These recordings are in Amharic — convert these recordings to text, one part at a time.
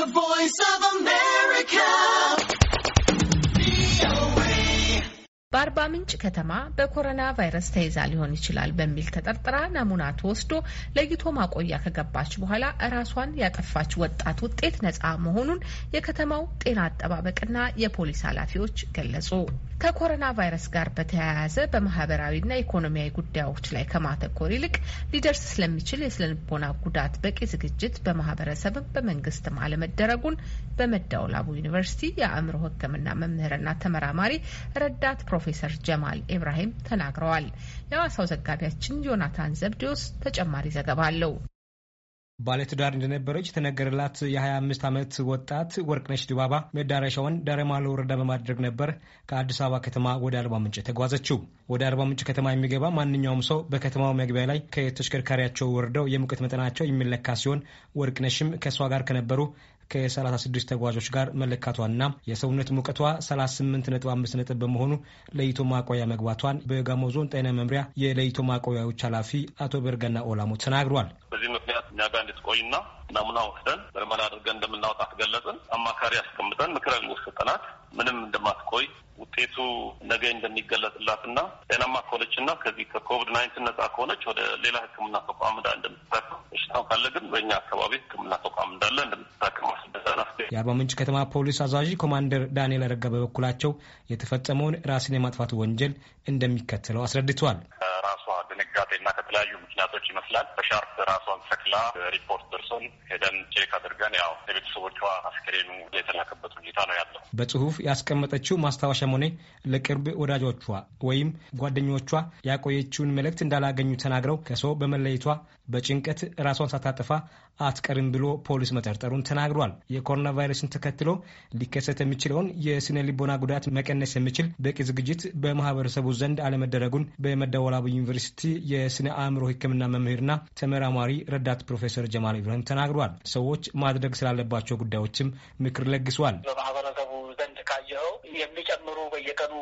The Voice of America. በአርባ ምንጭ ከተማ በኮሮና ቫይረስ ተይዛ ሊሆን ይችላል በሚል ተጠርጥራ ናሙና ተወስዶ ለይቶ ማቆያ ከገባች በኋላ እራሷን ያጠፋች ወጣት ውጤት ነፃ መሆኑን የከተማው ጤና አጠባበቅና የፖሊስ ኃላፊዎች ገለጹ። ከኮሮና ቫይረስ ጋር በተያያዘ በማህበራዊና ኢኮኖሚያዊ ጉዳዮች ላይ ከማተኮር ይልቅ ሊደርስ ስለሚችል የስነ ጉዳት በቂ ዝግጅት በማህበረሰብም በመንግስትም አለመደረጉን በመዳውላቡ ዩኒቨርሲቲ የአእምሮ ሕክምና መምህርና ተመራማሪ ረዳት ፕሮፌሰር ጀማል ኢብራሂም ተናግረዋል። የሐዋሳው ዘጋቢያችን ዮናታን ዘብዲዮስ ተጨማሪ ዘገባ አለው። ባለትዳር እንደነበረች የተነገረላት የ25 ዓመት ወጣት ወርቅነሽ ድባባ መዳረሻውን ዳረማሎ ወረዳ በማድረግ ነበር ከአዲስ አበባ ከተማ ወደ አርባ ምንጭ የተጓዘችው። ወደ አርባ ምንጭ ከተማ የሚገባ ማንኛውም ሰው በከተማው መግቢያ ላይ ከተሽከርካሪያቸው ወርደው የሙቀት መጠናቸው የሚለካ ሲሆን ወርቅነሽም ከእሷ ጋር ከነበሩ ከ36 ተጓዦች ጋር መለካቷና የሰውነት ሙቀቷ ነ5 ነጥብ በመሆኑ ለይቶ ማቆያ መግባቷን በጋሞ ዞን ጤና መምሪያ የለይቶ ማቆያዎች ኃላፊ አቶ በርገና ኦላሞ ተናግሯል። እኛ ጋር እንድትቆይና ናሙና ወስደን ምርመራ አድርገን እንደምናወጣት ገለጽን። አማካሪ አስቀምጠን ምክረ ግብር ምንም እንደማትቆይ ውጤቱ ነገ እንደሚገለጽላትና ጤናማ ከሆነችና ከዚህ ከኮቪድ ናይንቲን ነጻ ከሆነች ወደ ሌላ ሕክምና ተቋም ዳ እንደምትታከም በሽታው ካለ ግን በእኛ አካባቢ ሕክምና ተቋም እንዳለ እንደምትታከም አስደሰናል። የአርባ ምንጭ ከተማ ፖሊስ አዛዥ ኮማንደር ዳንኤል አረጋ በበኩላቸው የተፈጸመውን ራስን የማጥፋት ወንጀል እንደሚከተለው አስረድተዋል። ድንጋጤና ከተለያዩ ምክንያቶች ይመስላል በሻርፕ ራሷን ተክላ ሪፖርት ደርሶን ሄደን ቼክ አድርገን ያው የቤተሰቦቿ አስክሬኑ የተላከበት ሁኔታ ነው ያለው። በጽሁፍ ያስቀመጠችው ማስታወሻ ሆነ ለቅርብ ወዳጆቿ ወይም ጓደኞቿ ያቆየችውን መልእክት እንዳላገኙ ተናግረው ከሰው በመለየቷ በጭንቀት ራሷን ሳታጠፋ አትቀርም ብሎ ፖሊስ መጠርጠሩን ተናግሯል። የኮሮና ቫይረስን ተከትሎ ሊከሰት የሚችለውን የስነ ልቦና ጉዳት መቀነስ የሚችል በቂ ዝግጅት በማህበረሰቡ ዘንድ አለመደረጉን በመደወላቡ ዩኒቨርሲቲ የስነ አእምሮ ሕክምና መምህርና ተመራማሪ ረዳት ፕሮፌሰር ጀማል ኢብራሂም ተናግሯል። ሰዎች ማድረግ ስላለባቸው ጉዳዮችም ምክር ለግሷል። በማህበረሰቡ ዘንድ ካየኸው የሚጨምሩ በየቀኑ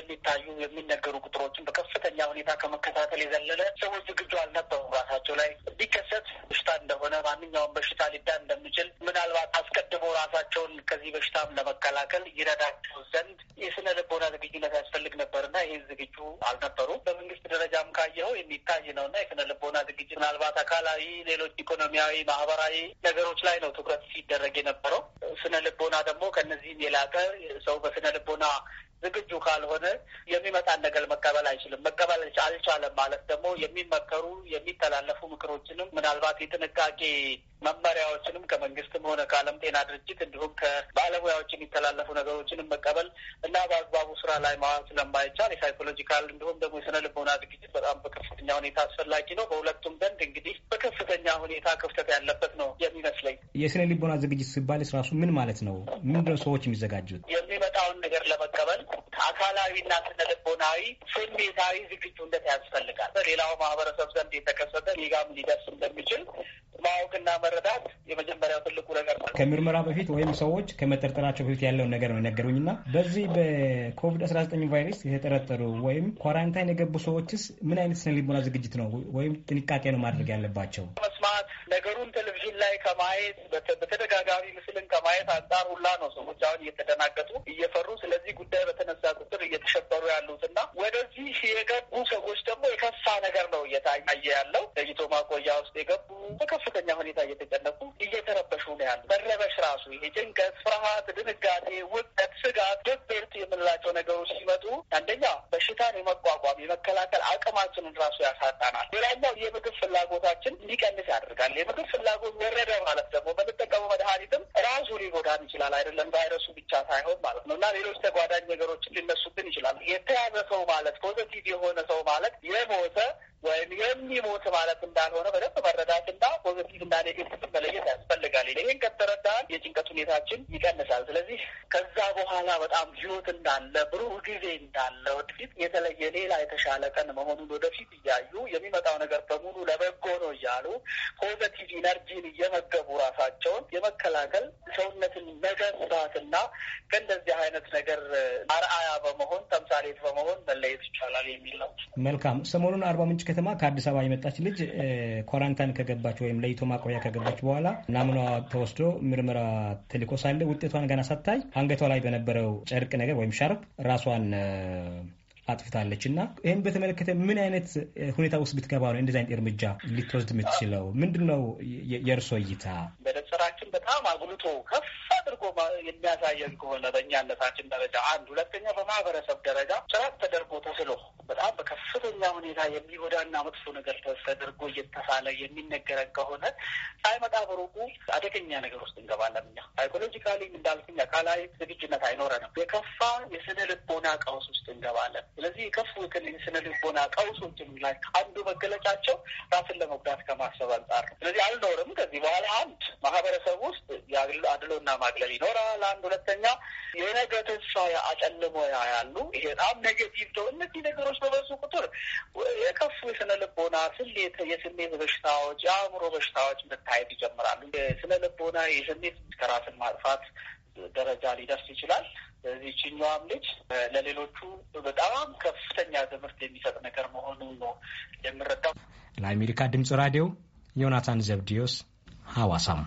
የሚታዩ የሚነገሩ ቁጥሮችን በከፍተኛ ሁኔታ ከመከታተል የዘለለ ሰዎች ዝግጁ አልነበሩም። ራሳቸው ላይ ሊከሰት በሽታ እንደሆነ ማንኛውም በሽታ ሊዳን እንደሚችል ምናልባት አስቀድሞ ራሳቸውን ከዚህ በሽታም ለመከላከል ይረዳቸው ዘንድ የስነ ልቦና ዝግጁነት ያስፈልግ ነበርና ይህ ዝግጁ አልነበሩም። በመንግስት ደረጃም ካየኸው የሚታይ ነውና የስነ ልቦና ዝግጅ ምናልባት አካላዊ፣ ሌሎች ኢኮኖሚያዊ፣ ማህበራዊ ነገሮች ላይ ነው ትኩረት ሲደረግ የነበረው። ስነ ልቦና ደግሞ ከነዚህም የላቀ ሰው በስነ ልቦና ዝግጁ ካልሆነ የሚመጣን ነገር መቀበል አይችልም። መቀበል አልቻለም ማለት ደግሞ የሚመከሩ የሚተላለፉ ምክሮችንም ምናልባት የጥንቃቄ መመሪያዎችንም ከመንግስትም ሆነ ከዓለም ጤና ድርጅት እንዲሁም ከባለሙያዎች የሚተላለፉ ነገሮችንም መቀበል እና በአግባቡ ስራ ላይ ማዋል ስለማይቻል የሳይኮሎጂካል እንዲሁም ደግሞ የስነ ልቦና ዝግጅት በጣም በከፍተኛ ሁኔታ አስፈላጊ ነው። በሁለቱም ዘንድ እንግዲህ በከፍተኛ ሁኔታ ክፍተት ያለበት ነው የሚመስለኝ። የስነ ልቦና ዝግጅት ሲባል ራሱ ምን ማለት ነው? ምንድነው ሰዎች የሚዘጋጁት? የሚመጣውን ነገር ለመቀበል አካላዊና ስነ ልቦናዊ ስሜታዊ ዝግጁነት ያስፈልጋል። በሌላው ማህበረሰብ ዘንድ የተከሰተ ሊጋም ሊደርስ እንደሚችል ማወቅና መረዳት የመጀመሪያው ትልቁ ነገር ነው። ከምርመራ በፊት ወይም ሰዎች ከመጠርጠራቸው በፊት ያለውን ነገር ነው ና። በዚህ በኮቪድ አስራ ዘጠኝ ቫይረስ የተጠረጠሩ ወይም ኳራንታይን የገቡ ሰዎችስ ምን አይነት ስነ ልቦና ዝግጅት ነው ወይም ጥንቃቄ ነው ማድረግ ያለባቸው? ከመስማት ነገሩን ቴሌቪዥን ላይ ከማየት በተደጋጋሚ ምስልን ከማየት አንጻር ሁላ ነው ሰዎች አሁን እየተደናገጡ እየፈሩ፣ ስለዚህ ጉዳይ በተነሳ ቁጥር እየተሸበሩ ያሉት እና ወደዚህ የገቡ ሰዎች ደግሞ የከፋ ነገር ነው እየታየ ያለው። ለይቶ ማቆያ ውስጥ የገቡ በከፍተኛ ሁኔታ እየተጨነቁ እየተረበሹ ነው ያሉ። መረበሽ ራሱ ይሄ ጭንቀት፣ ፍርሃት፣ ድንጋጤ፣ ውቀት፣ ስጋት፣ ድብርት የምንላቸው ነገሮች ሲመጡ አንደኛ በሽታን የመቋቋም የመከላከል አቅማችንን ራሱ ያሳጣናል። ሌላኛው የምግብ ፍላጎታችን እንዲቀንስ ያደርጋል። የምግብ ፍላጎት ወረደ ማለት ደግሞ በምንጠቀመው መድኃኒትም ራሱ ሊጎዳን ይችላል። አይደለም ቫይረሱ ብቻ ሳይሆን ማለት ነው እና ሌሎች ተጓዳኝ ነገሮችን ሊነሱብን ይችላል። የተያዘ ሰው ማለት ፖዘቲቭ የሆነ ሰው ማለት የሞተ ወይም የሚሞት ማለት እንዳልሆነ በደንብ መረዳትና ፖዘቲቭ እና ኔጌቲቭ መለየት ያስፈልጋል። ይህን ከተረዳን የጭንቀት ሁኔታችን ይቀንሳል። ስለዚህ ከዛ በኋላ በጣም ህይወት እንዳለ ብሩህ ጊዜ እንዳለ ወደፊት የተለየ ሌላ የተሻለ ቀን መሆኑን ወደፊት እያዩ የሚመጣው ነገር በሙሉ ለበጎ ነው እያሉ ፖዘቲቭ ኢነርጂን እየመገቡ ራሳቸውን የመከላከል ሰውነትን መገንባትና ከእንደዚህ አይነት ነገር አርአያ በመሆን ተምሳሌት በመሆን መለየት ይቻላል የሚል ነው። መልካም። ሰሞኑን አርባ ምንጭ ከተማ ከአዲስ አበባ የመጣች ልጅ ኳራንታይን ከገባች ወይም ለይቶ ማቆያ ከገባች በኋላ ናሙና ተወስዶ ምርመራ ተልኮ ሳለ ውጤቷን ገና ሳታይ አንገቷ ላይ በነበረው ጨርቅ ነገር ወይም ሻርፕ ራሷን አጥፍታለች እና ይህም በተመለከተ ምን አይነት ሁኔታ ውስጥ ብትገባ ነው እንደዚህ አይነት እርምጃ ልትወስድ የምትችለው? ምንድን ነው የእርሶ እይታ? መነጽራችን በጣም አጉልቶ ከፍ አድርጎ የሚያሳየን ከሆነ በእኛነታችን ደረጃ አንድ፣ ሁለተኛ በማህበረሰብ ደረጃ ስራት ተደርጎ ተስሎ በጣም በከፍተኛ ሁኔታ የሚጎዳና መጥፎ ነገር ተደርጎ እየተሳለ የሚነገረን ከሆነ ሳይመጣ ሲያደርጉ አደገኛ ነገር ውስጥ እንገባለን። እኛ ሳይኮሎጂካሊ እንዳልኩኝ አካላዊ ዝግጁነት አይኖረንም። የከፋ የስነ ልቦና ቀውስ ውስጥ እንገባለን። ስለዚህ የከፉ የስነ ልቦና ቀውሶች ላይ አንዱ መገለጫቸው ራስን ለመጉዳት ከማሰብ አንጻር ነው። ስለዚህ አልኖርም። ከዚህ በኋላ አንድ ማህበረሰብ ውስጥ አድሎና ማግለል ይኖራል። አንድ ሁለተኛ የነገ ተስፋ አጨልሞ ያያሉ። ይሄ በጣም ኔጌቲቭ ነው። እነዚህ ነገሮች ስሌት የስሜት በሽታዎች የአእምሮ በሽታዎች መታየት ይጀምራሉ። ስነ ልቦና የስሜት ከራስን ማጥፋት ደረጃ ሊደርስ ይችላል። ስለዚህ ችኛዋም ልጅ ለሌሎቹ በጣም ከፍተኛ ትምህርት የሚሰጥ ነገር መሆኑን ነው የምረዳው። ለአሜሪካ ድምጽ ራዲዮ ዮናታን ዘብዲዮስ ሐዋሳም